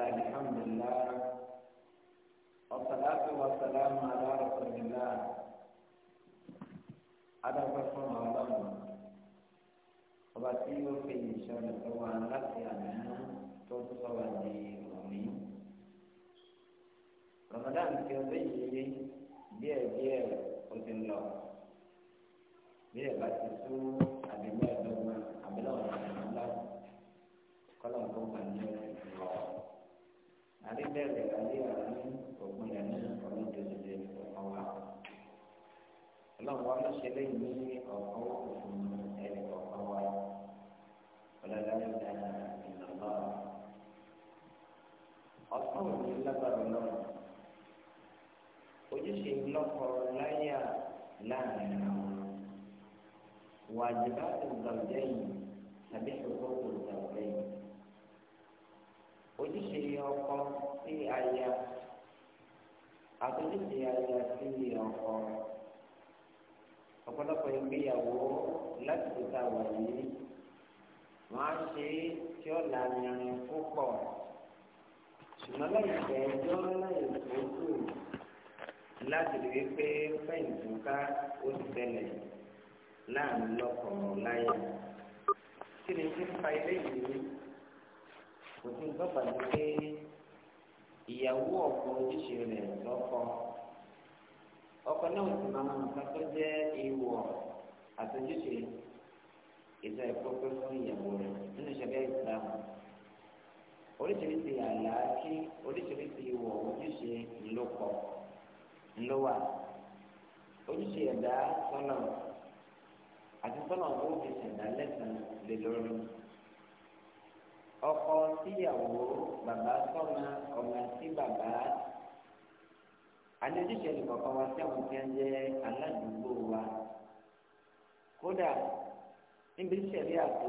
لله الحمد لله والصلاة والسلام على رسول الله هذا فرصة الله ọba tí yóò fi ìṣẹ̀lẹ̀ tó wà láti àná tó sọ wà ní òní. Ramadan ti ọdún yìí díẹ̀ díẹ̀ ó ti lọ bí àdébẹ̀rẹ̀ ayé àní ògùn yẹn ní ọlọ́dẹ̀dẹ̀ ọ̀kan wa. ọlọ́run wa ló ṣe lẹ́yìn ní ọ̀kan òfin ẹ̀rẹ̀ ọ̀kan wa. ọlọ́dà ló dá ìrànlọ́. ọ̀sán òní lágbára lọ́wọ́. ojúṣe lọ́kọ̀ láyà láàrin àwọn. wàjibá ti gbàgbé yìí tàbí ṣòkòtò gbàgbé yìí. ojúṣe ọkọ aya àti níṣe aya sí ọkọ ọ̀pọ̀lọpọ̀ ìgbéyàwó láti tó ta wà yìí wọ́n á ṣe tí ó lànà púpọ̀ ṣùgbọ́n lẹ́yìn ìgbẹ́jọ́ lẹ́yìn ìgbókù láti rí i pé fẹ́yìntì ká ó ti tẹ̀lẹ̀ láàrin lọ́kọ̀ láyà. kí ni tí ń fa ilé yìí kò tí ń gbọ́ pàdé pé ìyàwó ọkọ ojúṣe rẹ̀ lọ́kọ ọkọ náà sì máa mọ nǹkan tó jẹ́ ìwọ àtúnjúṣe ìta ìkókó fún ìyàwó rẹ̀ nínú ìṣẹ̀lẹ̀ ìsìlámù oríṣiríṣi àlàáfí oríṣiríṣi ìwọ ojúṣe ńlọkọ ńlọwà ojúṣe ẹ̀dá sọ́nà àti sọ́nà tó fi ṣẹ̀dá lẹ́sàn-án lè lórí ọkọ síyàwó bàbá sọ́mà ọmọ sí bàbá àdéjúṣe ní kọ̀ọ̀kan wa tí àwọn kan jẹ́ aládùúgbò wa kódà níbi sẹ̀rí àtò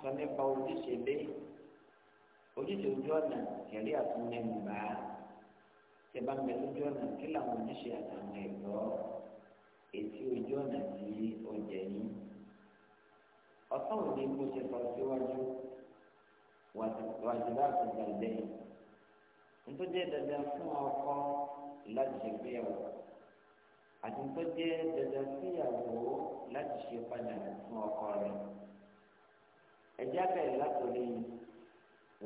sọ nípa ojúṣe lé ojúṣe ojú ọ̀nà sẹ̀rí àtò mẹ́rin bá tẹ bá mẹ́rin ojú ọ̀nà kí làwọn ojúṣe àtàwọn ẹ̀tọ́ ètí ojú ọ̀nà tí ó jẹ yín ọ̀sán òní kó ṣe sọ síwájú wàjibáàtì gbàlẹ́yìn ntọ́jẹ́ dandan fún ọkọ láti ṣègbéyàwó àti ntọ́jẹ́ dandan fúnyàwó láti ṣe padà fún ọkọ rẹ̀ ẹ̀jẹ̀ abẹ́rẹ́ látòrí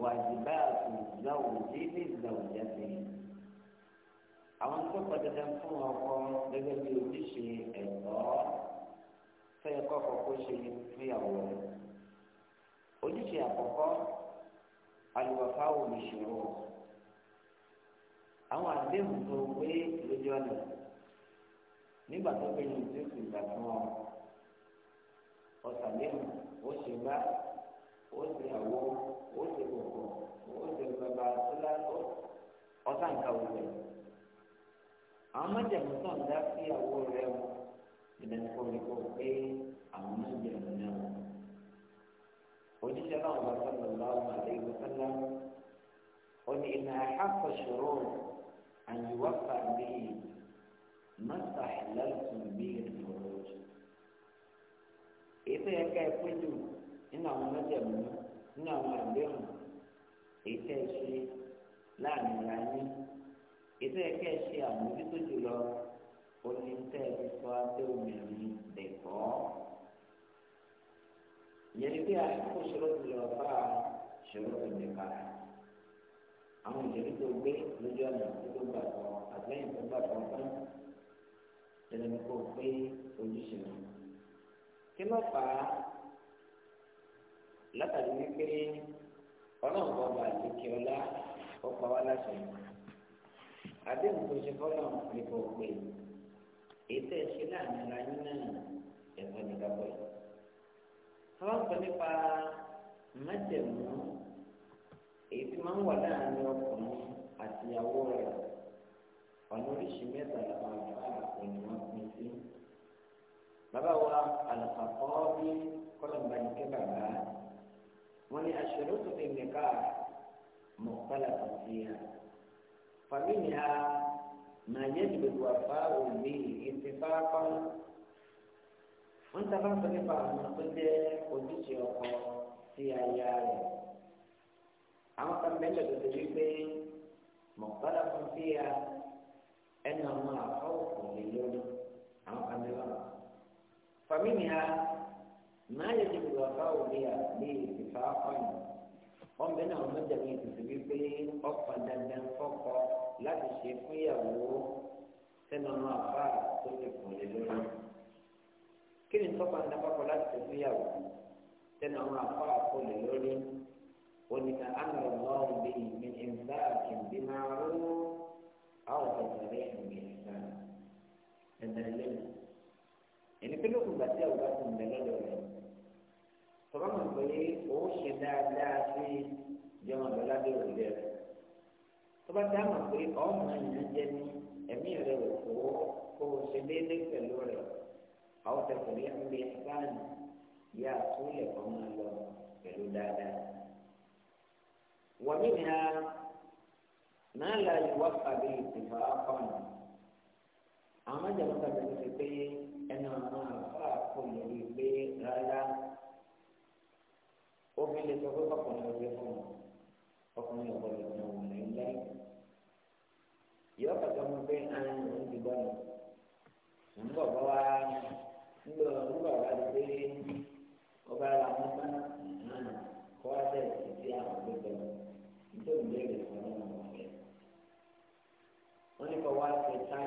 wàjibáàtì zawùjí ní zawùjáde àwọn tó kọ dandan fún ọkọ gẹ́gẹ́ bí ojúṣe ẹ̀tọ́ fẹ́ kọ́kọ́ kó ṣe fúnyàwó rẹ̀ ojúṣe àkọ́kọ́ alùpàpà ò lè ṣòro àwọn àdéhùn tó wé lójú ọ̀nà nígbà tó gbé yìí tó sì gbà fún ọ ọ̀sàdéhùn ó ṣe bá ó ṣe àwọ ó ṣe kòkò ó ṣe bàbá síláṣọ ọ̀sàǹkà òwúrẹ̀ àwọn májèmú tó ń dá sí àwọ rẹ̀ wọn ìdánilẹ́kọ̀ọ́ pé àwọn májèmú náà. òjíṣẹ́ náà wà sọ́dọ̀ lọ́wọ́ àlẹ́ ìwọ́sọ́lá ó ní ìnà àkọ́ ṣòro àyíwáfà mi na ìlẹ́tù mi ìtòrò jù. èyí tó yẹ ká ẹ pé jù nínú ìyẹn ní pé àsìkò ṣòro ti lọ bá ṣòro ti lè ká àwọn ìjẹ́rìí tó gbé lójú ọ̀nà tó gbàgbọ́ àgbẹ̀yìn tó gbàgbọ́ fún ìrìn kò pé ojúṣe mi. kí ló fà á látàrí wípé ọlọ́run kan bá ti kí ọlá ó pa wá láṣẹ. àdéhùn tó ṣe fọ́lọ́ ní kò pé ètò ìṣe láàrin ara yín náà ẹ̀fọ́ nígbà pẹ̀lú wọ́n sọ nípa májẹ̀mú èyí tí máa ń wà láàrin ọkùnrin àti ìyàwó rẹ̀ ọ̀nà oríṣi mẹ́ta làwọn àgbà òní wọn pín sí. bàbá wa àlùfàkọ́ bí kọ́lọ̀mbà ní kẹ́ bàbá wọ́n ní aṣọ́rọ́ tó fi nìka mọ̀kálà tó fi hàn. fàmílì ha màá yẹ ìgbèkùn àbá òní ìtìfáfá. wọ́n sábà sọ nípa àwọn tó sílẹ̀ tó ti rí pé mọ̀kálà fún sí ya ẹnu àwọn àfọwọ́ kò lè lórí àwọn kan lè wà. fàmílì ha máa yẹ kí wọ́n fáwọ́ bí a lè ti fà á kọ́ yìí. wọ́n bẹ náà wọ́n jẹ̀bi ìtìsí wípé ọkọ̀ dandan fọ́kọ láti ṣe fún ìyàwó sẹ́nu àwọn àfà tó lè kò lè lórí. kí ni tọ́kọ̀ dandan fọ́kọ láti ṣe fún ìyàwó sẹ́nu àwọn àfà kò lè lórí. ولتأمر الله به من إمساك بمعروف أو تسريح بإحسان تدلل ẹni pé lókun gbà tí àwùjọ ti ń bẹ lọ́dọ̀ rẹ̀ tọ́ba mọ̀ pé ó ṣe dáadáa sí ìjọba ọ̀dọ́lá bí òrùlé rẹ̀ tọ́ba tí a mọ̀ pé ọ̀hún náà ní ẹ̀mí rẹ̀ ò kó kó o ṣe déédéé pẹ̀lú rẹ̀ àwọn tẹ̀sán yẹn ń gbé sáànì yá àtúnyẹ̀kọ́ máa lọ pẹ̀lú dáadáa. ومنها ما لا يوفى به اتفاقا أما جمعك بنفسي أنا ما أفاق لي به رأيا وفي اللي تقول أقول لكم أقول لكم أقول لكم yọ kàtà mo fẹ àwọn ọmọ ti gbọ́ mi nbọ bọ wa nbọ nbọ bá ti pé ọba la mọ bá kọ wá bẹ ti àwọn ọmọ gbẹ tó ń bẹ̀rẹ̀ fún ọmọ rẹ̀ wọ́n ní kọ́ wá ṣe tá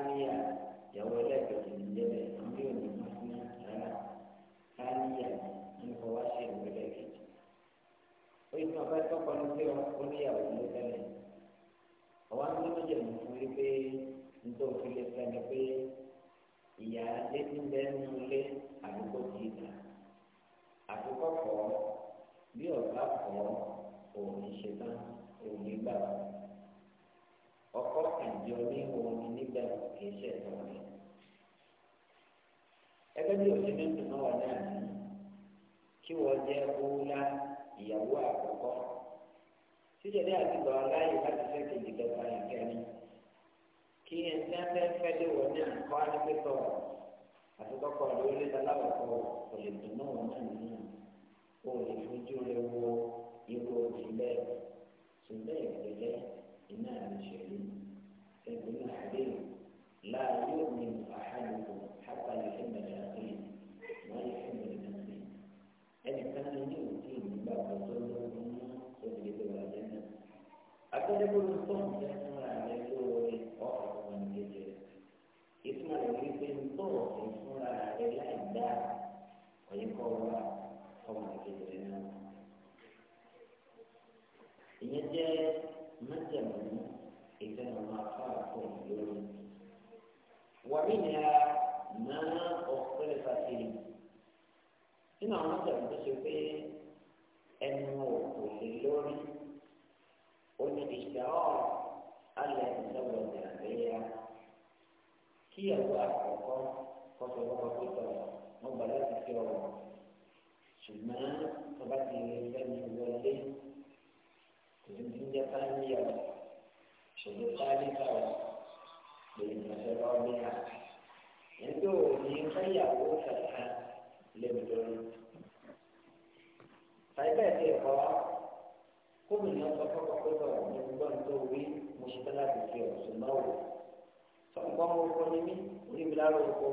ọmọ oko ni mí orí mi lára oko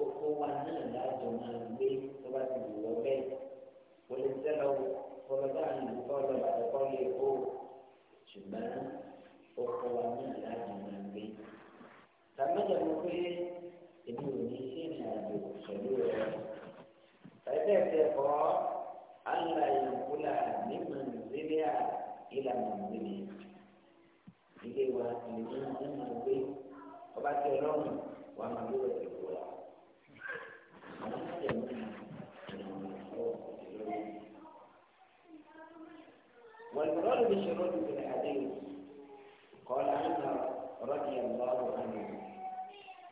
oko wa náà lájọ máa gbé tó bá ti wù ọ bẹ́ẹ̀ kò lè tẹ́ lọ kọlọ́dá ìlú kọlọ́ àtẹ́kọ́ lè kó ṣùgbọ́n oko wa náà lájọ máa gbé. tàbí mo pé èmi ò ní sí ìrìn àjò pẹ̀lú rẹ̀ ẹgbẹ́ ìtẹ̀kọ́ àlàyé kúlà ní mọ̀nzíríà ìlànà mọ̀nzíríà. cewa liman yana zai ko ba ke rauni wa ma zuwa ke kula والمراد بالشروط في الحديث قال عمر رضي الله عنه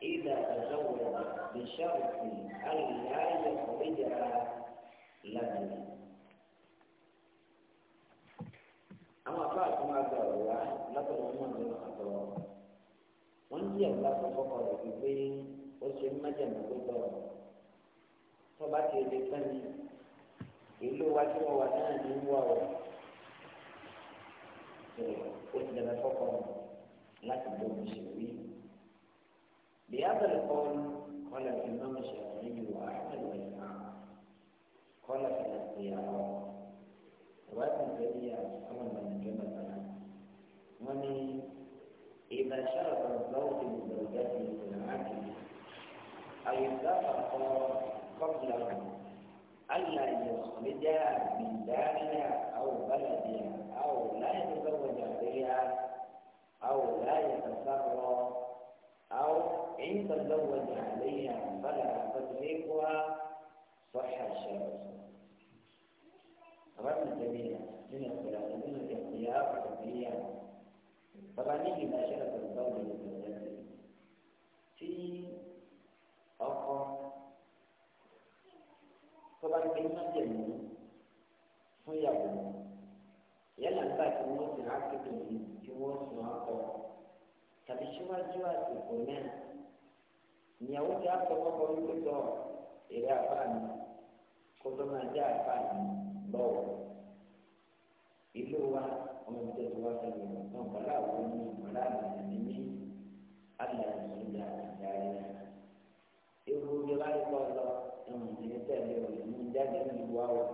إذا تزوج بشرط أن لا يخرجها لبنا àwọn afá àti máa gba ọ̀rọ̀ wá látọ̀dọ̀ wọn náà lọ́nà àtọ̀ wọn jí ẹ̀rọ láti fọkọ rẹ̀ fi pé ó ṣe ń májàmú tó tọ̀ tọ́ba ti lè tán ni ìlú wa tí wọ́n wà náà ní wà ó ó ti dàgbà fọkọ láti bó mi ṣe wí. بهذا القول قال الإمام الشافعي وأحمد والإمام قال في الاختيارات وابن أي اتفق قبل ألا يخرج من دارها أو بلدها أو لا يتزوج بها أو لا يتسرى أو إن تزوج عليها فلا تدركها صح الشر رمز جميلة من الخلاف من الاختيار الطبيعي طبعا نيجي إلى الدولة في ọkọ tó bá gbé májèlú fún ìyàwó yálà nígbà tí wọ́n ti rà kéde yìí tí wọ́n sùn ọkọ tàbí síwájú àsìkò náà ìyàwó ti àtọkọkọ wípé tọ èrè àfààní kó tó máa jẹ àfààní lọ́wọ́ ìlú wa ọmọ ìjọ tó wá sẹ́yìn náà pàlà àwọn ọmọ ìmọ̀lá àmì ní alẹ́ ìṣẹ̀lẹ̀ àti ìyá rẹ̀. jáde ní ìwà o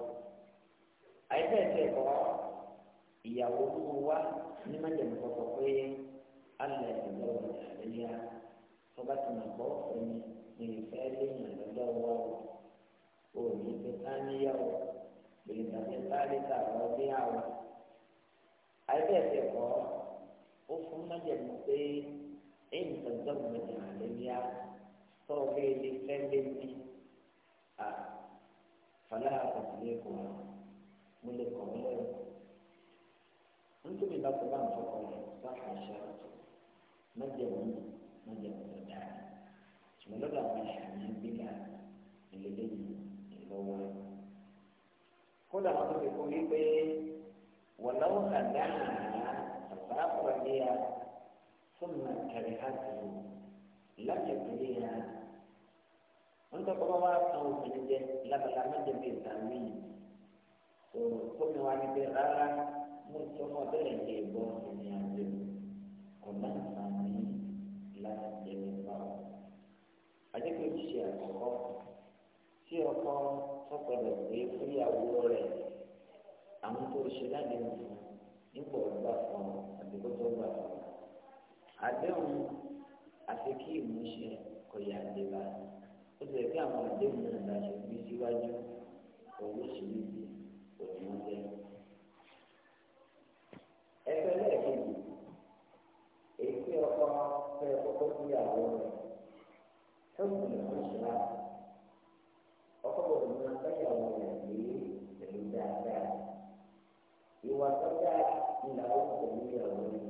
àyẹ̀fẹ́ tẹ̀ kọ́ ìyàwó mú wa ní májèmí kọ́kọ́ pé alẹ́ ìlú ọ̀rọ̀ àlẹ́yà tó bá ti máa gbọ́ òfin ní ìfẹ́ lẹ́yìn àlọ́lọ́ wa o òní ti ká níyàwó lèyìn sáré tààrà ọdẹ àwọn àyẹ̀fẹ́ tẹ̀ ó fún májèmí pé èyí tó ń tọ́ ìgbẹ̀jẹ̀ àlẹ́yà tó o fẹ́ lè fẹ́ lẹ́yìn فلا تصديقها ملك وملك أنتم إذا طبعا فقط صح الشرط مجد مجد تدعي ثم لدى من حنابلة الذين اللغة قل أعطيكم بي ولو خدعها فأخرجها ثم كرهته لم يكن لها ń tọ́ kọ́ wá san obìnrin jẹ lábala mẹ́jẹ̀bí ìtàwé yìí tó tóbi wá níbi rárá mo sọ fún ọ bẹ́ẹ̀ lè bọ́ ìrìn àjò ọ̀nà àǹfààní láti jẹ nípa ọ̀. àdéhùn ṣe àkọ́kọ́ tí ọkọ sọ́kọ̀rọ̀ pé fúyàwó rẹ̀ àwọn tó ṣe láti mú nípò ọgbà fún ọ àti kó tó gbà fún ọ. àdéhùn àti kí ìmúṣẹ kò yà dé báyìí ó ti rẹ̀ kí àwọn àdéhùn náà láti gbé síwájú owó sí níbi òní wọn jẹ́. ẹgbẹ́ lẹ́ẹ̀kejì èyí tí ọkọ fẹ́ kọ́kọ́ sí ìyàwó rẹ̀ tó ń bọ̀ ní ìṣúná ọkọ gbọ́dọ̀ máa fẹ́ ìyàwó rẹ̀ sí pẹ̀lú dáadáa ìwà tó dáa ni làwọn kò ní ìyàwó rẹ̀.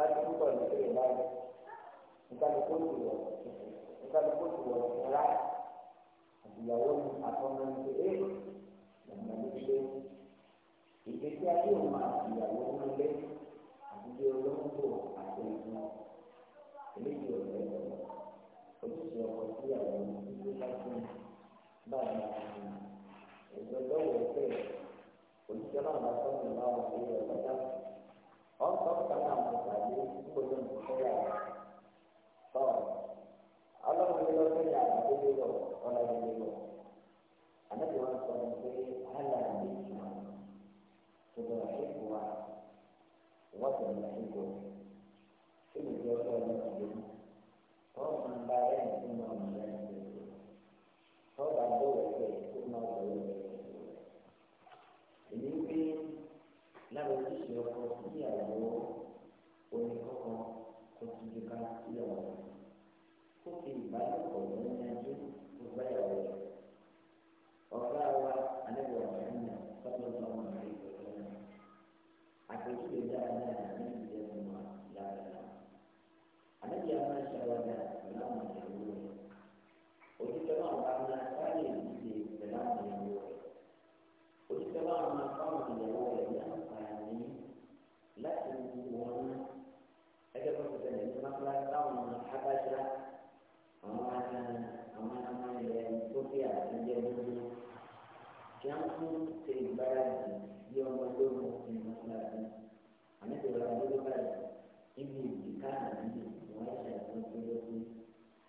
bali kuko ni kile ndani nkalikuti wa nkalikuti wa furaha ndiyaoni akona nzee namalishe ìgbésí ayé òun àti ìyàwó ń lé àdúgbò olóńgbò àti ìlú eléyìí ọ̀rẹ́ ojúṣe ọkọ̀ sí àwọn ìdílé bá fún un báyìí wọ́n ti ń lọ sí ìgbò. Ṣé ìgbésẹ̀ ọ̀sán ni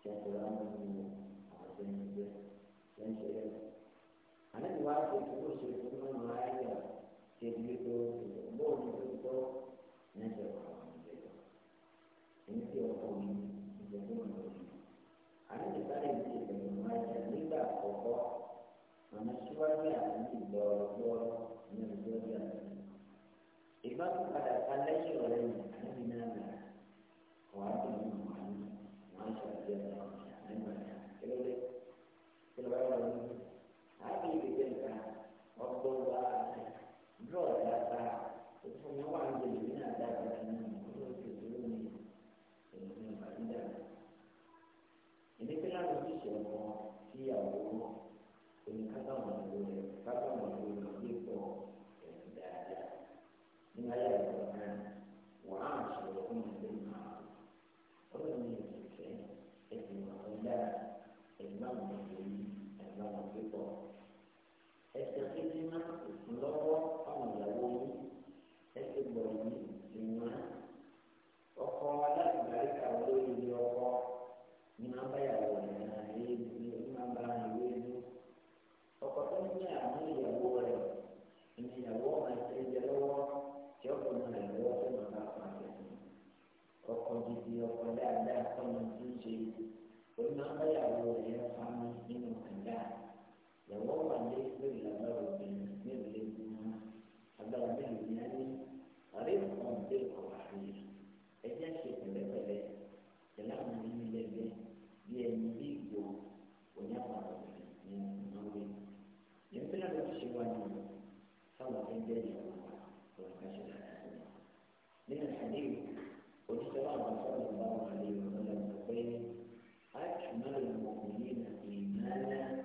kẹsìlámù ni àtẹnudẹ lẹ́sẹ̀ rẹ̀. àlejò wa ti kó ṣe fún ọmọ ayé tẹ̀lé tó. من الحديث والاشتراك صلى الله عليه وسلم يقول أكمل المؤمنين إيمانا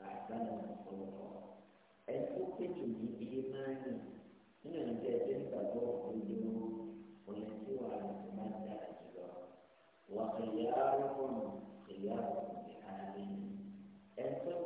أحسنهم خلقا الفقه بإيمان من الجاهل فوق الجنوب على يتمتع الجبار وخياركم خياركم لآلهم الفقه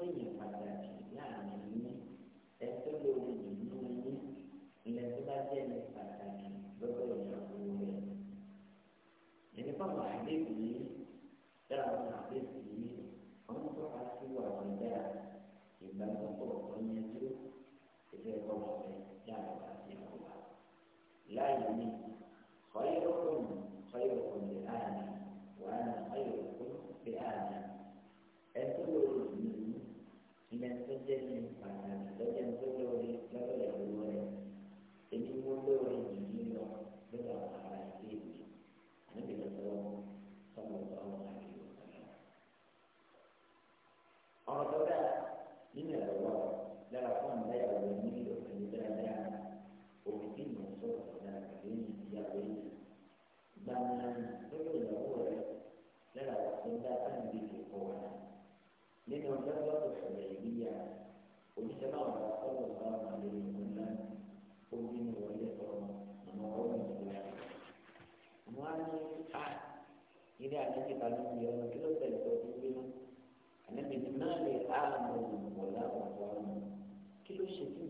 láyé mi ọ̀yẹ́ lọ́kùnrin ọ̀yẹ́ lọ́kùnrin.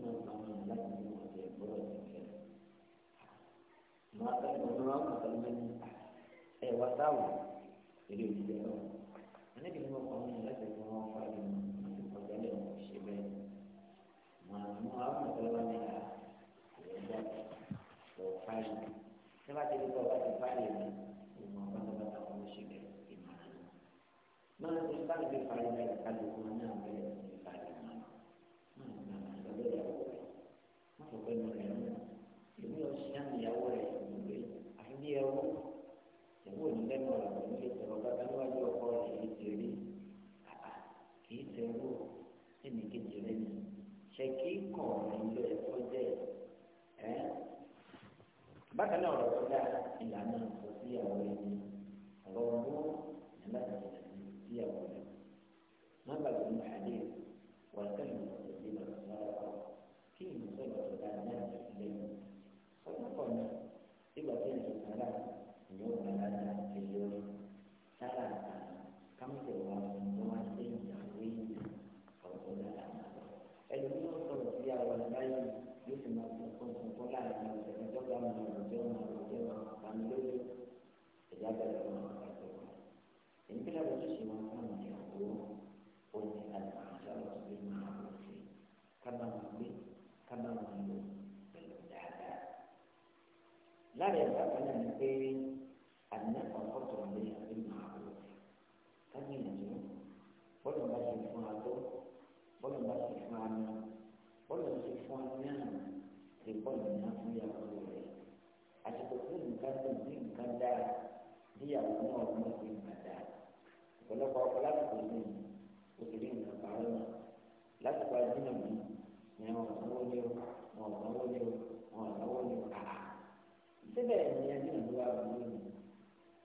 máa ń pamọ́ ẹ̀ láti mú ọ̀dẹ̀ gbọ́dọ̀ nìkẹ́. Màá tẹ́ ọ̀dọ́ wọn kọ̀ tẹ́lẹ̀ mẹ́rin ẹ̀ wá táwọn eré òjijì náà. Àníbi ni wọ́n pamọ́ ẹ̀ láti mú wọn fà lé wọn àti ọ̀dẹ́ lẹ̀ wọ́n ṣe bẹ́ẹ̀. Màá mú àwọn ọ̀dọ́ wọn ní à ìrẹ́jà lọ 买材料了。ìgbàgbọ́ náà ni pé àdínàkọ̀ ọ̀tọ̀ ní àdínà àbúrò kájìnàjò bọ́lá bá ṣe fún adó bọ́lá bá ṣe fún aná bọ́lá ṣe fún aná lè bọ́lá náà fún ìyàwó rẹ̀ àsìkò tí nǹkan tó ní nǹkan dáa bí ìyàwó náà mọ̀ sí nǹkan dáa ọ̀pọ̀lọpọ̀ ọkọ̀ lásìkò yìí òṣèré nǹkan pàrọ̀ náà lásìkò àdínàjò ni àwọn ọ̀sán síbẹ̀ ni ẹni ìlú àbúrò mi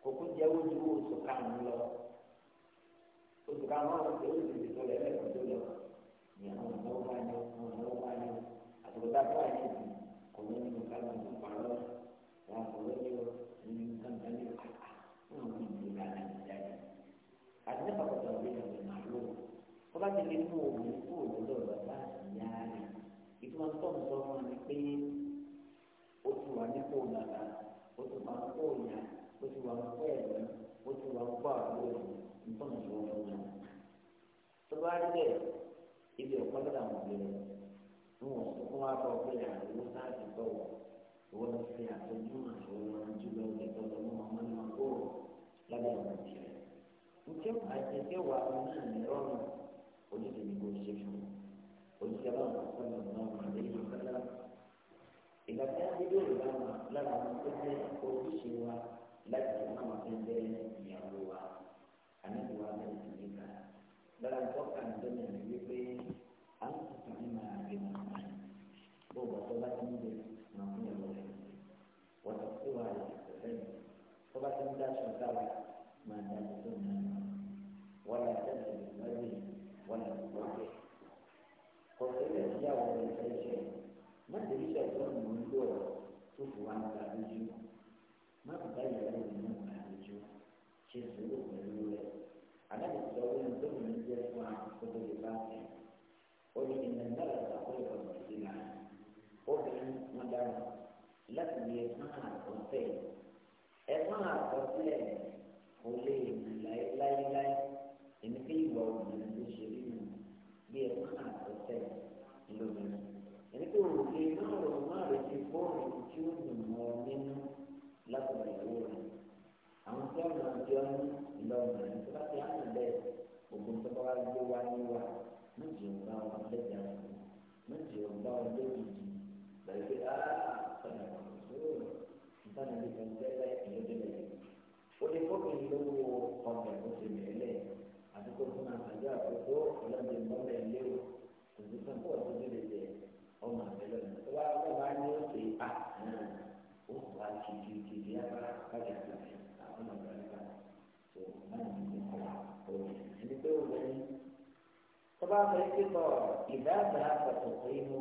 kókó jẹ́ ojú oṣù karùn-ún lọ oṣù karùn-ún ọ̀hún ṣe oṣù tètè tó lẹ́lẹ́ kan tó lọ ní àwọn ọ̀nà wá ní àwọn ọ̀nà wá ní àtòkòtà tó wà ní ìsìn kò ní nínú kálọ̀ ní ìpàrọ̀ wọn kò ní ní nínú kálọ̀ ní kàkà fún àwọn ìlú ìlànà ìjáde àti nípa kọ̀tà òbí ní ọ̀nà màlúù wọ́n bá ti lè mú òun fún mi pé ó ti wà ní kó nàlá ó ti wà ní kó yà ó ti wà ní kó ẹ̀gbẹ́ ó ti wà ní kó àbúrò nítorí ìwọ ló ń tó bá rí bẹ́ẹ̀ ibi ọ̀pọ̀ nígbà wọn bẹ̀rẹ̀ ń wọ̀ tó kó wá bọ̀ pé àdúgbò náà ti bọ̀ wọ̀ ìwọ ló fi àtọ́jú àwọn ọmọ jùlọ ìgbẹ́tọ̀ lọ́mọ ọmọ náà kó lábẹ́ àwọn òbí rẹ̀ ìgbà tí wọ́n dédé ìgbà wọn lára àwọn tó jẹ́ ojúṣe wa láti fún àwọn tó jẹ́ ìyàwó wa àmì ìwà mẹ́rin nìkan lára tó kàn tó nà bá mọ ike tọ ìdáàbà àtọ̀tọ̀ inú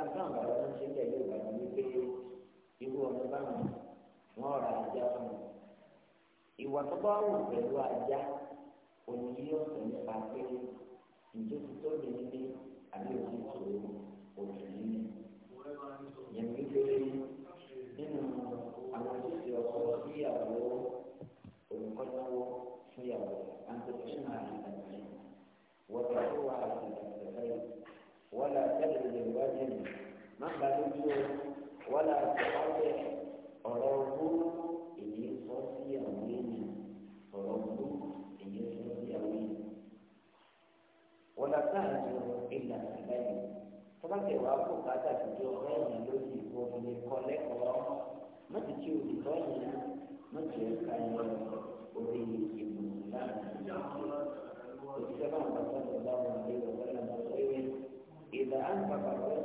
nípa táwọn bàbá ń ṣe pẹ̀lú ìbàdàn wípé irú ọmọ báwọn wọn ra ajá fún ìwà tó bá wù pẹ̀lú ajá òní yóò sọ nípa pé ǹjẹ́ tó lè ní àbí òní sòrò òbí ní. yẹn wípé nínú àwọn ojúṣe ọkọ sí ìyàwó olùkọ́ náwó fún ìyàwó àǹtọ̀tún àti ìtàkùn wọ́n ti wá àti ìtàkùn. ولا تجلد الوجه ما بلوجه ولا تقاطع قراره إني صوفي يومين قراره إني صوفي يومين ولا تهجر إلا في الليل طبعا كي وافق هذا الفيديو غير ملوزي وفي كوليك وراه ما تجيو بغير ما تجيو كان وفي إبن الله وفي سبعة الله أنفق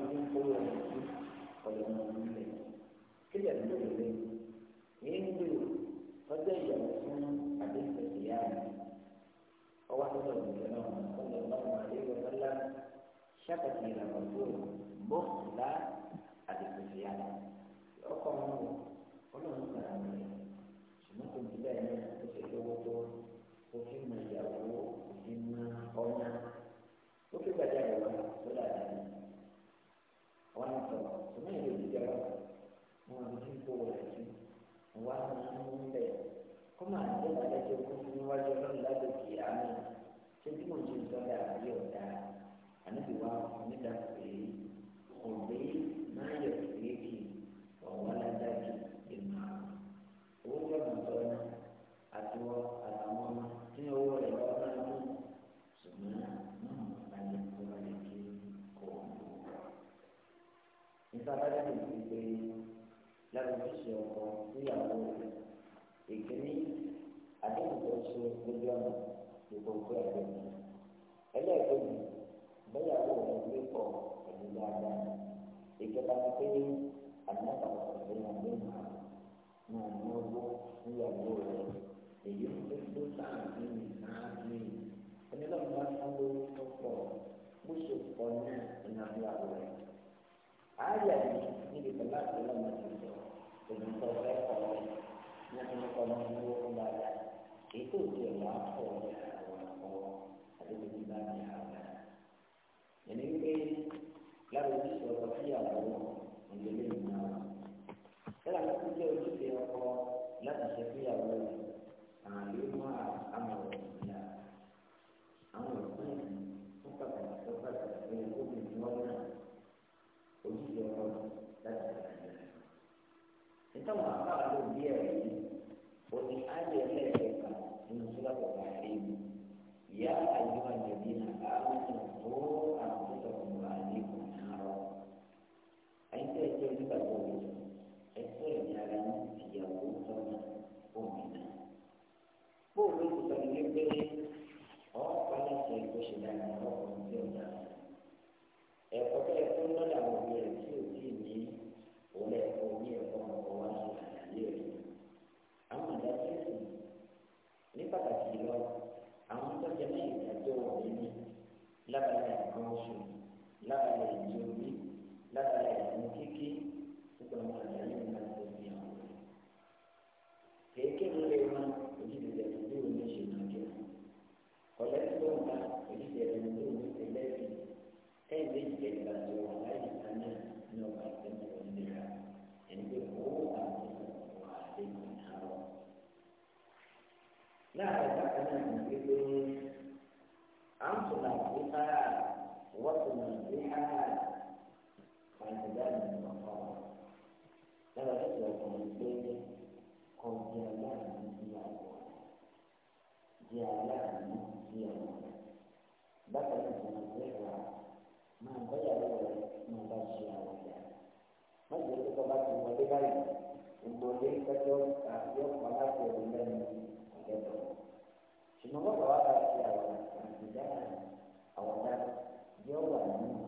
ojú ń kó wọn sí ọ̀dọ̀ wọn nílẹ̀ kílẹ̀ ló lè lé èyí ń ọjọ́ ìyàwó fún àdéhùn ìyá rẹ̀ ọwọ́ àtúntò ìgbẹ́ náà ọ̀dọ̀ ọ̀dọ̀ àdéhùn ọ̀dọ́lá ṣàkàtì ìlànà tó mọ́kànlá àdéhùn ìyá rẹ̀ ọkọ̀ wọn wò ọlọ́run gbàrà rẹ̀ ṣùgbọ́n kò ní bẹ́ẹ̀ náà ó ṣe tó ó fi gbàdá ìyàwó. ibi tí kò rẹ̀ sí ìwà tuntun ń bẹ̀ kó máa ní ìbàjẹ́ tó kún fún níwájú ọlọ́run lágbègbè àmì ṣé bí mo ti sọ dà bí ọ̀dà àníbi wa nígbà pé òbí síyàwó ìkíní àdéhùn tó ṣe lójú ọ̀nà ìgbòho ẹ̀rọ ẹlẹ́ẹ̀kejì bẹ́yàwó rẹ̀ gbé pọ̀ pẹ̀lú dáadáa ìjọba ti pé àdínàbà ọ̀sẹ̀ ìyàgbé máa máa ní owó níyàwó rẹ̀ èyí tó tó sáàbì sáàbì onílọ́mọ bá fún lórí tó pọ̀ bó ṣe pọ̀ náà ìnáwó rẹ̀ ààyè níbi pẹ̀lú àti ọlọ́mọ òun tó ní kí ní owó fún bàbá èyí tó ti ẹ̀ wá pọ̀ ní àwọn àkọ́wọ́ àti tó ti bá ní ẹni wípé lára ojúṣe ọ̀rọ̀ fíyàwó ìdílé ìgbà wọn. táwọn àbá ló bí ẹ̀rí òní ayé ẹlẹ́ ẹgbẹ́ ìgbẹ́gbà tó wà láyé kan náà ní ọgbà ìgbẹ́ni onílera ẹni pé ó wà nínú wà lẹ́yìn àárọ̀. láàárọ̀ bákan náà ní pípé à ń tún là sí ara wọ́n tún là sí ara kàìdá ní ọkọ̀ lára ẹ̀sìn ọkùnrin pé kọjá láàrin ìyàwó jẹ́ alá. ويكتب تعليق ولا تولن يده شنو هو وضع في أولا ابتداء أولا يوم من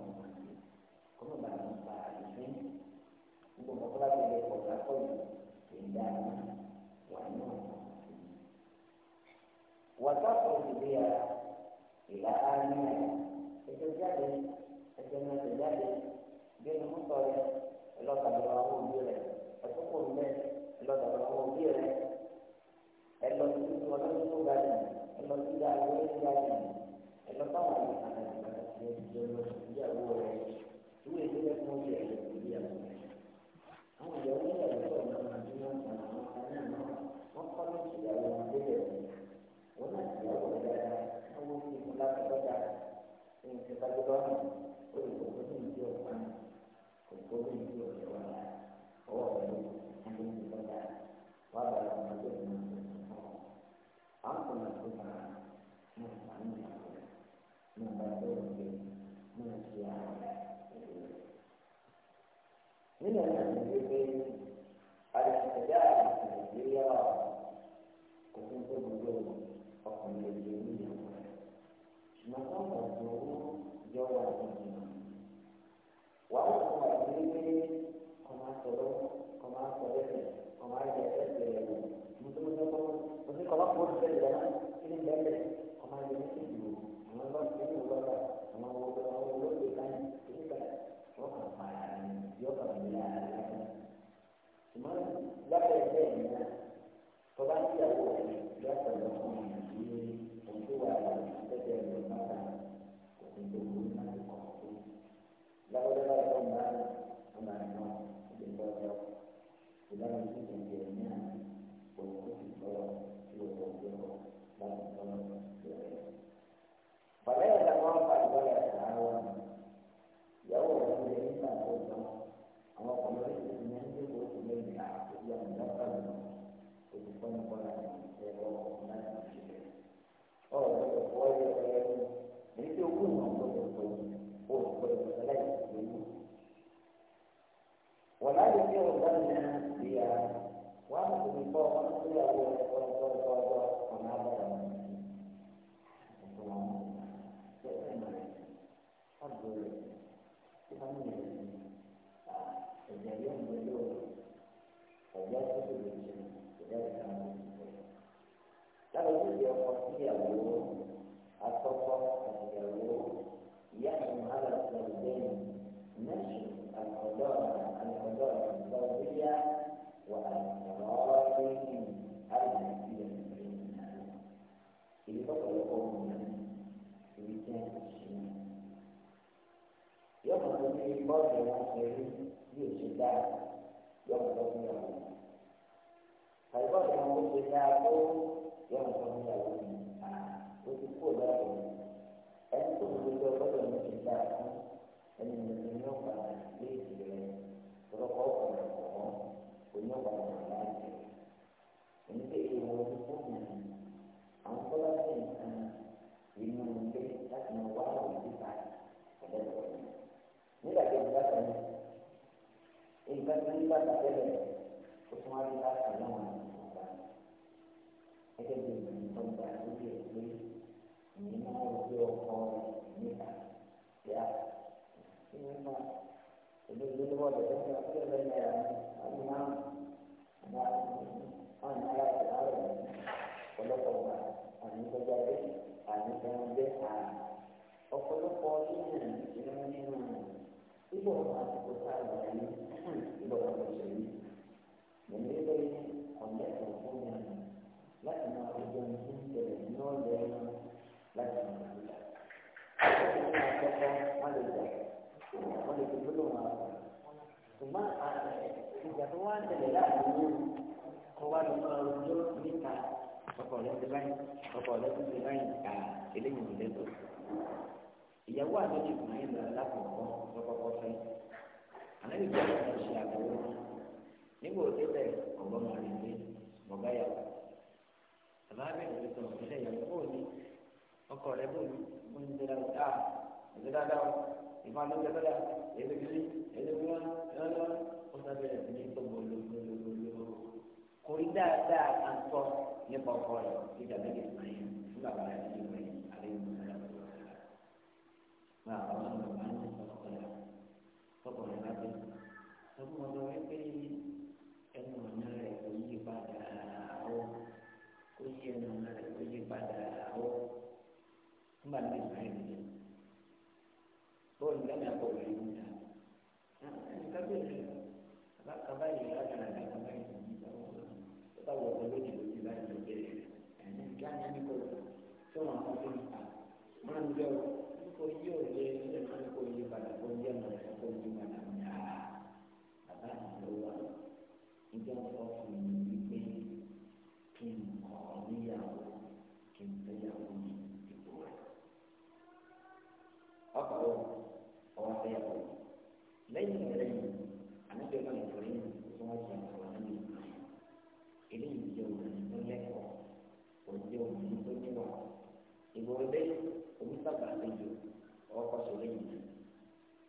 كما ما نصنع عليهم نقول مطلع إليه وتقول إندانا وأنه وتخرج بها إلى آمنة تتجدد تتجدد بين مطلع إلى طبيعه وبيره فتقول له lọ́dọ̀ àwọn òbí rẹ ẹ lọ sí ọlọ́dún tó ga jù ẹ lọ sí ìdájọ́ tó ga jù ẹ lọ sáwọn àgbẹ̀ àgbẹ̀ àti ìyàwó rẹ ìwé ìwé. ọ̀rẹ́ tó ṣe báyìí ká eléyìí ò lẹ́tọ̀. ìyàwó àtọ́jú ìgbìmọ̀ yìí lọ lákòókò lọ́kọ́kọ́ fẹ́. ànábì bí wọ́n ti ṣe àbẹ̀wò nígbà òde bẹ̀ ọ̀gbọ́n máa rí ilé bọ̀gá yàwó. bàbá abẹ́rẹ́ ti sọ̀rọ̀ sílẹ̀ yàwó bóòlù ọkọ rẹ̀ bóòlù ó ń dira dá ẹ̀dẹ́ dáadáa ìfọ̀n ló ń dẹ́ kò rí dáadáa kan sọ nípa ọkọ rẹ̀ ìjà méjì ìsmáyé nígbà wà láti ṣe ìwé àlejò ìsọ̀rọ̀ ìwé rẹ̀. Wọ́n àwọn ọmọ ìgbà máa ń ní ọkọ rẹ̀ tọkọ rẹ̀ lábẹ́. Tọ́kọ wọn lọ wípé ẹnu ọ̀nà rẹ̀ kò yí padà ó kò yí ẹnu ọ̀nà rẹ̀ kò yí padà ó nígbà tí ìsmáyé ń jẹ. Bọ́ọ̀lù lẹ́nu àpò rẹ̀ ń ta. Ẹnì kan bẹ̀rẹ̀ bá kaba yìí lágbára tí wọn kọ́ fún mi máa ń jọ nípa yí ò jẹ máa ń kó yí padà kó yí ọ̀nà rẹ̀ kó yí padà ní bàbá mi ló wà ìjọ sọ fún mi wípé kí n kọ́ níyàwó kí n fẹ́yàwó ní ìbò rẹ̀. ọkọ̀ wo ọwọ́ fẹ́yàwó lẹ́yìn rẹ̀ ànájọ́ náà ìfòyín tí wọ́n jẹun. ìgboro bẹ́ẹ̀ onísàgbà àlejò ọkọ̀ sọ̀rọ̀ yìí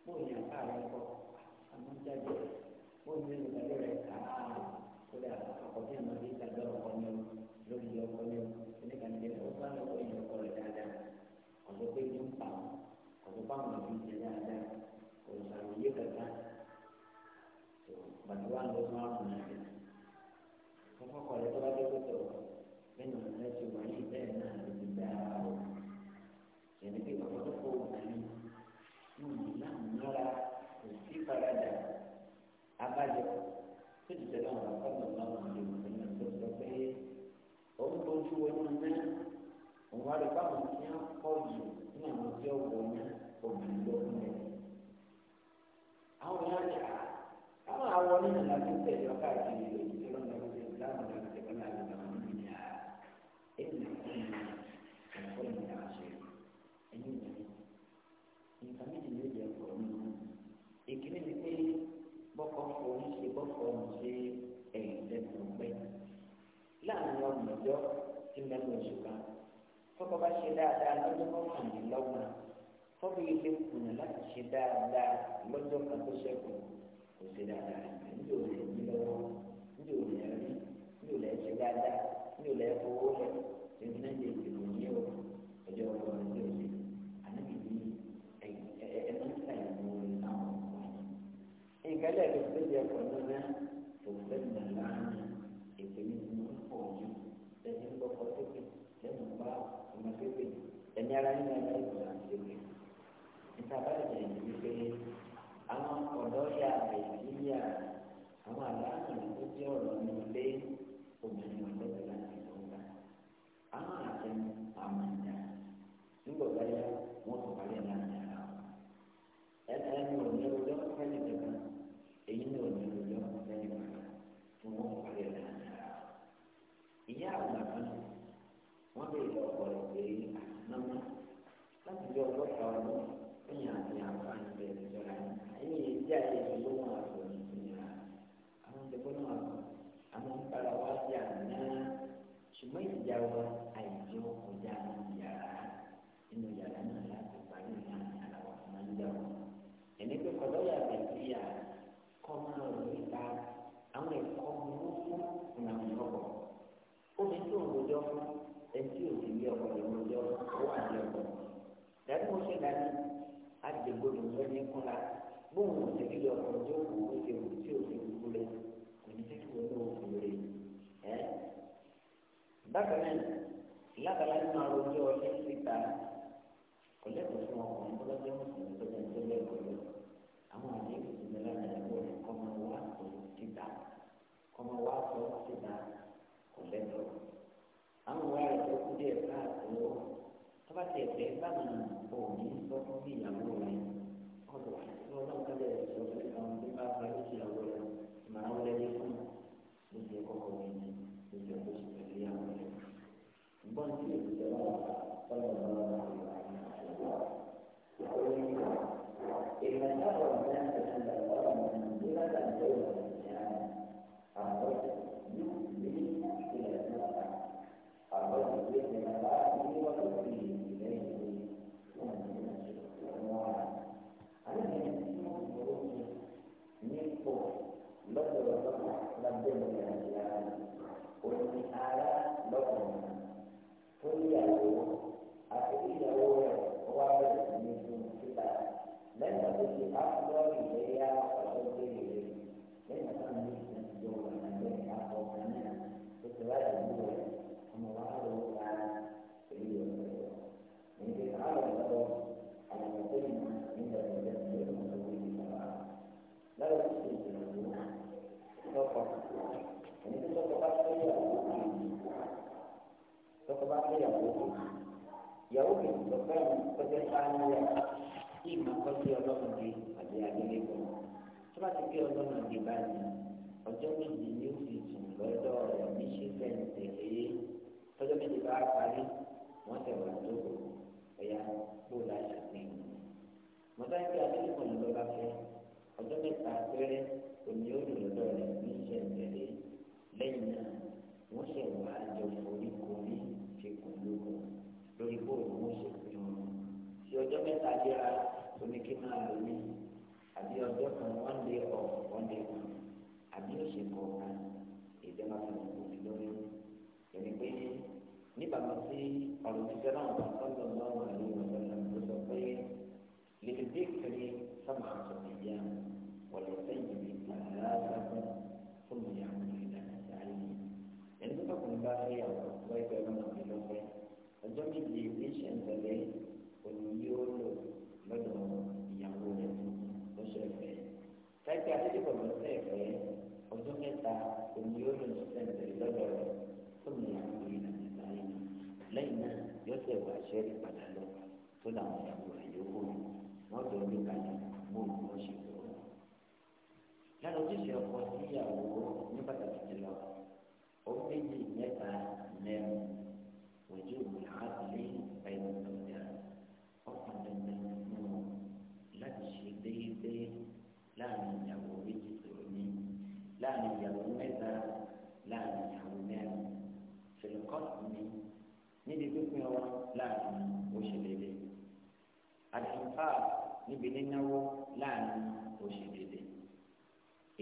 bóyá àárẹ̀ kọ́ àmọ́ bóyá ìgbàlẹ́ rẹ̀ wọ́n lè báwọn tí wọ́n pọ̀ jù ní àwọn tí ó wọ̀ ní obìnrin lọ́dún rẹ̀. àwọn èèyàn ti à káwọn àwọn nínú làbí tẹ̀lé ọkọ̀ àkìlì lè ti lọ́nà lọ́wọ́ sí láwọn làbí tẹ̀lé ọkọ̀ àkìlì lọ́wọ́ sí ní à ẹ̀yìn ẹ̀kọ́ ìyá àṣẹ ẹ̀yìn ìyá nǹkan méjì méjì ẹ̀kọ́ nínú ìkíní ni pé bọ́kọ̀ fọ oníṣe bọ́kọ̀ ọ̀hún ṣe ẹ̀yìn lẹ́nu ọ̀gbẹ́ láàrin ọmọ tọ́kọ bá ṣe dáadáa lọ́jọ́ mọ́kànlélọ́gbọ̀n tọ́bí ilé kùnà láti ṣe dáadáa lọ́jọ́ kan tó ṣẹ́kù kò ṣe dáadáa níbi ò lè lọ́wọ́ níbi ò lè rí níbi ò dáadáa níbi ò lè rẹ̀ ṣe ní ẹ̀jẹ̀ àgbègbọdọ lọdẹ kúnra bóun ò sì kílò ọkùnrin tó kù ó ti wù tí ò sì wù lẹ kò ní sí kúrò ní òkú rẹ ẹ. bákan náà látara nínú àròjọ ọlẹ́sìn ta kò fún ọkùnrin tó lọ́jọ́ mùsùlùmí tó lọ́jọ́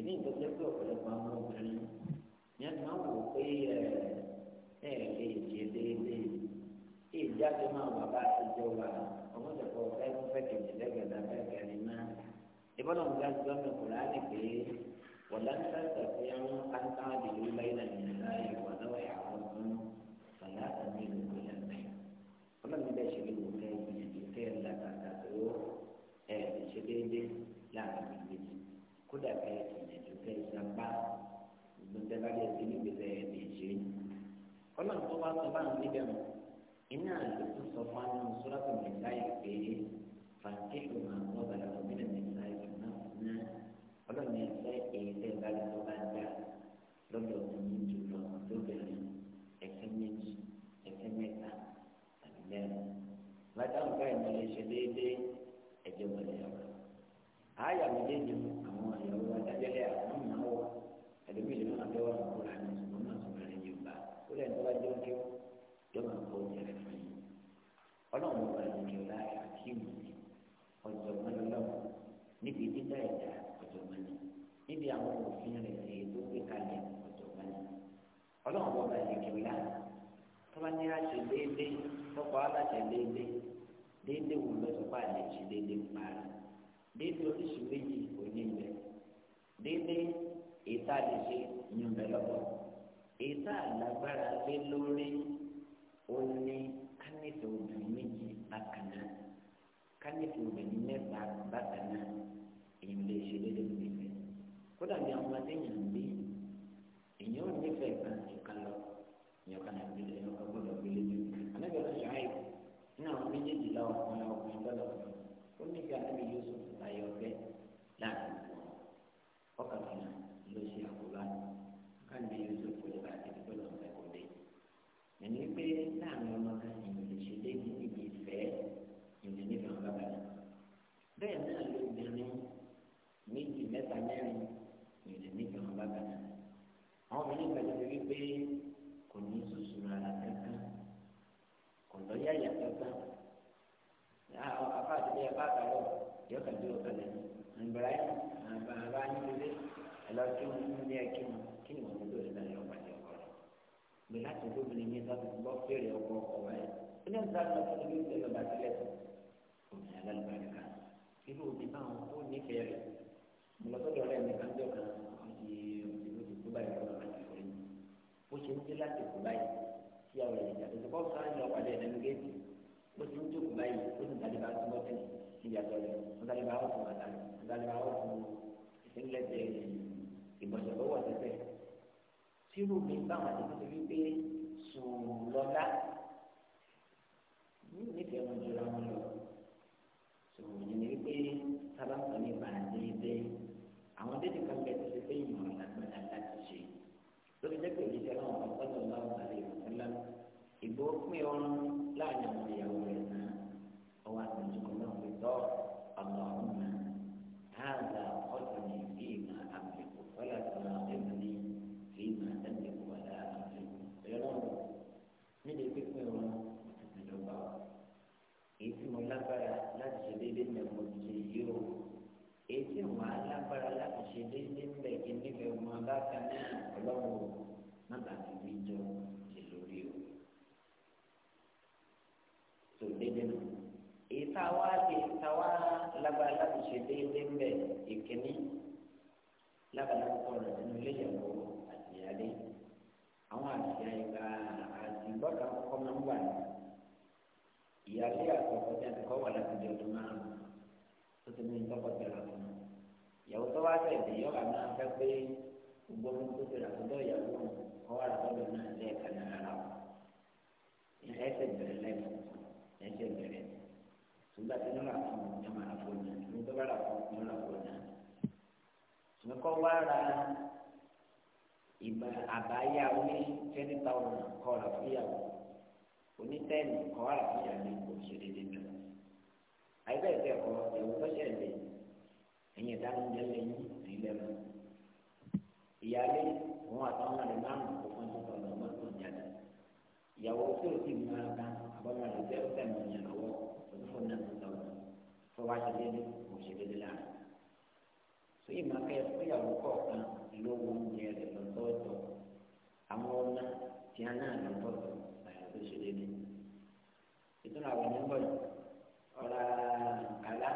ìdí ìtọ́jú pé ọ̀pọ̀lọpọ̀ àwọn obìnrin ní àti máa wò pé ẹ ẹ lè ṣe déédéé ìjáde máa wà bá àtijọ́ wa ọmọdékọ̀ fẹ́ fẹ́ kẹ̀mí lẹ́gbẹ̀dá fẹ́ kẹ̀mí náà ìbọ̀lọ̀ ń gbájú lọ́nà kùrá ní pé wọ̀lá ń sẹ́sẹ̀ fi ń káńtà àdìyẹ báyìí náà nìyẹn láàyè wà lọ́wọ́ àwọn ọmọ fàlà àmì ìlú ìlànà ọlọ́run bẹ́ẹ̀ ṣe lè wò kẹsàgbá gbogbo ẹgbẹ́ bá ti ní gbèsè ẹ̀mí ìṣe. ọlọ́run tó wá sọ bá ń níbẹ̀ mọ́ iná ló tún sọ fún anú sọ́dọ̀tò nìta ìpè fàǹkìlù máa ń lọ́ba lọ nínú nìta ìpè náà náà ọlọ́run yẹn fẹ́ èyí tẹ́ bá lọ́ba bá ń dà lọ́dọ̀ ní jùlọ lóbìnrin ẹ̀kẹ́ méjì ẹ̀kẹ́ mẹ́ta àti bẹ́ẹ̀ lọ́dọ̀ nǹkan ìmọ̀lẹ́sẹ̀ déédéé ẹ̀jẹ̀ wọlé ọ̀rọ̀ ẹlòmíì lè máa bẹ́wà ní kúrò àná ṣùgbọ́n náà sọ̀rọ̀ rẹ̀ yóò bá ó lẹ́yìn tó bá jẹ́ kí ó yóò máa kó oúnjẹ rẹ̀ fún yín ọlọ́run ọba ní kí ọlá àkíyèmí ọjọ́ mọ́ni lọ́wọ́ níbi dídá ẹ̀dá ọjọ́ mọ́ni níbi àwọn òfin rẹ̀ èyí tó gbé kalẹ̀ ọjọ́ mọ́ni ọlọ́run ọba ní kí ọlá tó bá ní aṣọ déédéé ìta lè ṣe ìyúnbẹ lọ́wọ́ ìta lágbára lé lórí oní kánìtì obìnrin méjì bákan náà kánìtì obìnrin mẹ́ta bákan náà èyí lè ṣe déédéé nífẹ̀ẹ́ kódà bí àwọn ọmọdé yàn ń bí èyí ò nífẹ̀ẹ́ kan ìkan lọ èyí ọ̀kan àgbélé èyí ọ̀kan gbọ́dọ̀ gbélé ní anábìyàn ṣáà yìí nínú àwọn méjèèjì lọ́wọ́ ọkùnrin ọkùnrin lọ́dọ̀ ó nífẹ̀ẹ́ ànábìyàn. láti lóbìnrin yẹn láti gbọ́ fèrè ọkọ ọkọ rẹ̀ ó ní ọ̀sán lọ fún ilé ìgbẹ́ lọ́ba sílẹ̀ tó ọ̀nà alálùbáríkà irú òbí báwọn ó nífẹ̀ẹ́ rẹ̀ mọ̀lọ́sọ́dọ̀ rẹ̀ ní kájọ́ kan ọ̀dì òdìbò tó báyìí lọ́wọ́ láti fòrí bó ṣe ń dé láti kú báyìí tí àwọn èèyàn ìjà tuntun kọ́ọ̀sì á ń lọ wálé ẹ̀dẹ́nu géètì bó ṣe ń jókòó báyìí ó sì ń tàlíbà tó bọ́ sí ìyàtọ̀ tírù mi báwọn àdìgbò ti wípé sùn lọ́lá nífẹ̀ẹ́ wọn jọra wọn lọ sùn yìí ni wípé sábà ń pè ní ìbànújẹ́ àwọn dédé kan bẹ ti ṣe pé ìmọ̀ ìlànà láti ṣe lórí jẹ́pẹ̀ yìí ṣẹlẹ̀ wọn pẹ̀lú ọlọ́run àti ìrọ̀lá ìgbó pín ọrùn láàrin àwọn ìyàwó rẹ̀ náà ọwọ́ àti ìjọba náà fi tọ́ ọ̀nà ọ̀hún náà ṣe déédéé mbẹ ìkíní lábàlá púpọ̀ rẹ̀ nínú ilé ìyàwó àti ìyáálé àwọn àṣìyà ìgbà àtìgbọ́ta kọ́kọ́ máa ń wà ní ìyáálé àtọkọ tí a ti kọ́ wà láti di ọdún márùn-ún tó ti ní tọkọ tẹ̀lé ọdún ìyàwó tó wá tẹ̀ dé yọ̀wá máa fẹ́ pé gbogbo ohun tó ti rà sọ́dọ̀ ìyàwó kọ́ wà lọ́dọ̀ náà lẹ́ẹ̀kan náà rà ẹsẹ̀ bẹ̀rẹ̀ lẹ́nu ẹsẹ̀ bẹ̀rẹ̀ nígbà tí nínú àfún ní ọmọ àfọyín ní tó bá rà fún nínú àfọyín ṣùgbọ́n kọ́ wá ra ìgbà àbáyá oní twenty thousand kọ́ ra fúyàwó oní ten kọ́ ra fúyàwó kò ṣe déédéé bẹ̀rẹ̀ àìbẹ́ẹ̀ bẹ́ẹ̀ kọ́ ìwé tó ṣẹlẹ̀ ẹ̀yìn ìdánilẹ́ lẹ́yìn nílẹ̀ mọ́ ìyáálé òun àtàwọn ọmọdé márùn kò fún ọdún ọmọ tó ń jáde ìyàwó tó ti mú ara kan àbọ̀mọdé tẹ́ ó tẹ̀ mọ́ ìyàwó tó bá ṣe dédé kò ṣe dédé láàrin tó yìí máa kẹ́ fúyàwó kọ̀ọ̀kan lówó oúnjẹ rẹ̀ lọ́tọ̀ọ̀tọ̀ àwọn ọ̀nà tí a náà lọ́tọ̀ọ̀tọ̀ àyà tó ṣe dédé ìtura àwọn onígbọ̀ ọ̀rá kàlá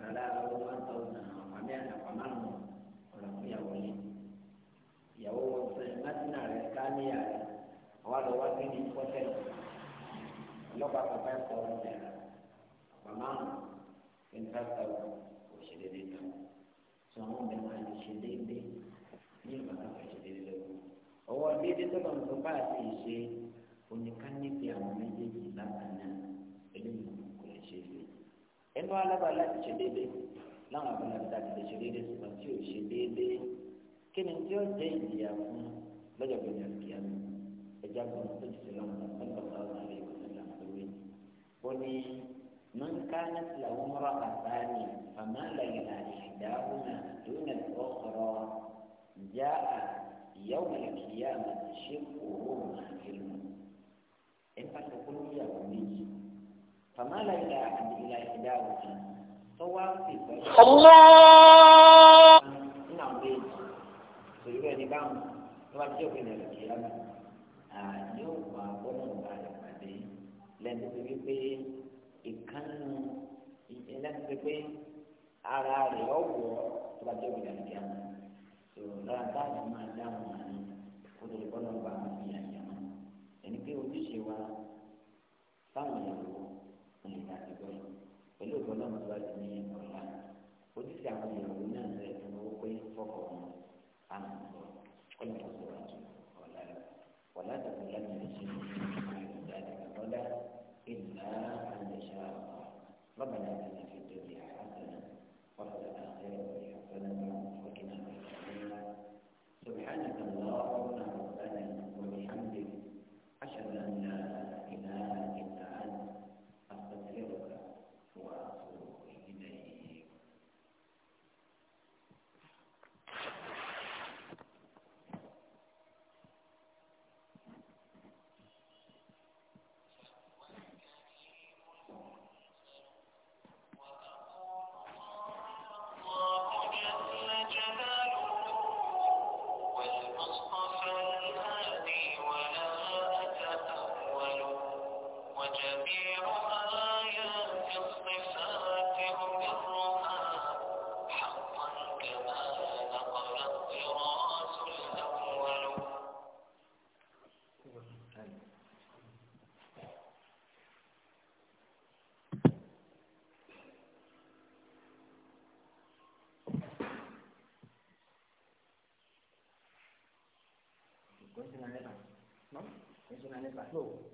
kàlá ọdún one thousand àpamí àpamárùn ọ̀rá fúyàwó yìí ìyàwó wọn sẹ mátínà rẹ káníyà rẹ àwọn àlọ́wọ́ gbé ní fọ́tẹ́lì ọlọ́pàá kọ̀ọ̀kan twenty five thousand kò ṣe déédéé tán tí àwọn ọmọ ẹ̀ka lè ṣe déédéé ní ìbára fẹ́ ṣe déédéé lọ́wọ́ ọwọ́ déédéé tó lọ́nà tó bá àti ìṣe oníkánífẹ́ àwọn méjèèjì láta náà eléyìí kò lè ṣe déédéé ẹnu alábà láti ṣe déédéé láwọn abala bí láti lè ṣe déédéé ṣùgbọ́n tí ò ṣe déédéé kí ni tí ó jẹ́ ìjìyà fún lọ́jọ́ gbẹ̀dẹ̀ kíá ẹ̀já gbọ́n tó ti ṣe lọ́wọ́ من كانت له امرأتان فمال إحداهما دون الأخرى جاء يوم القيامة شقهما علم إن فتقول يا أمي فمال إلى إلى إحداهما طوافي الله نعم بيت سيقول لي بام طوافي يوم القيامة yóò wá gbọ́dọ̀ gba ìpàdé lẹ́nu tó ìkànnì ìlẹ́sìn pé ara rẹ̀ ọ̀wọ́ tó bá jẹ́ òbí dàgbà tó lára táwọn máa dáhùn àná kó tó lè bọ́ lọ́wọ́ àwọn ìyá Entonces pues es una leva, ¿no? Es una leva suya.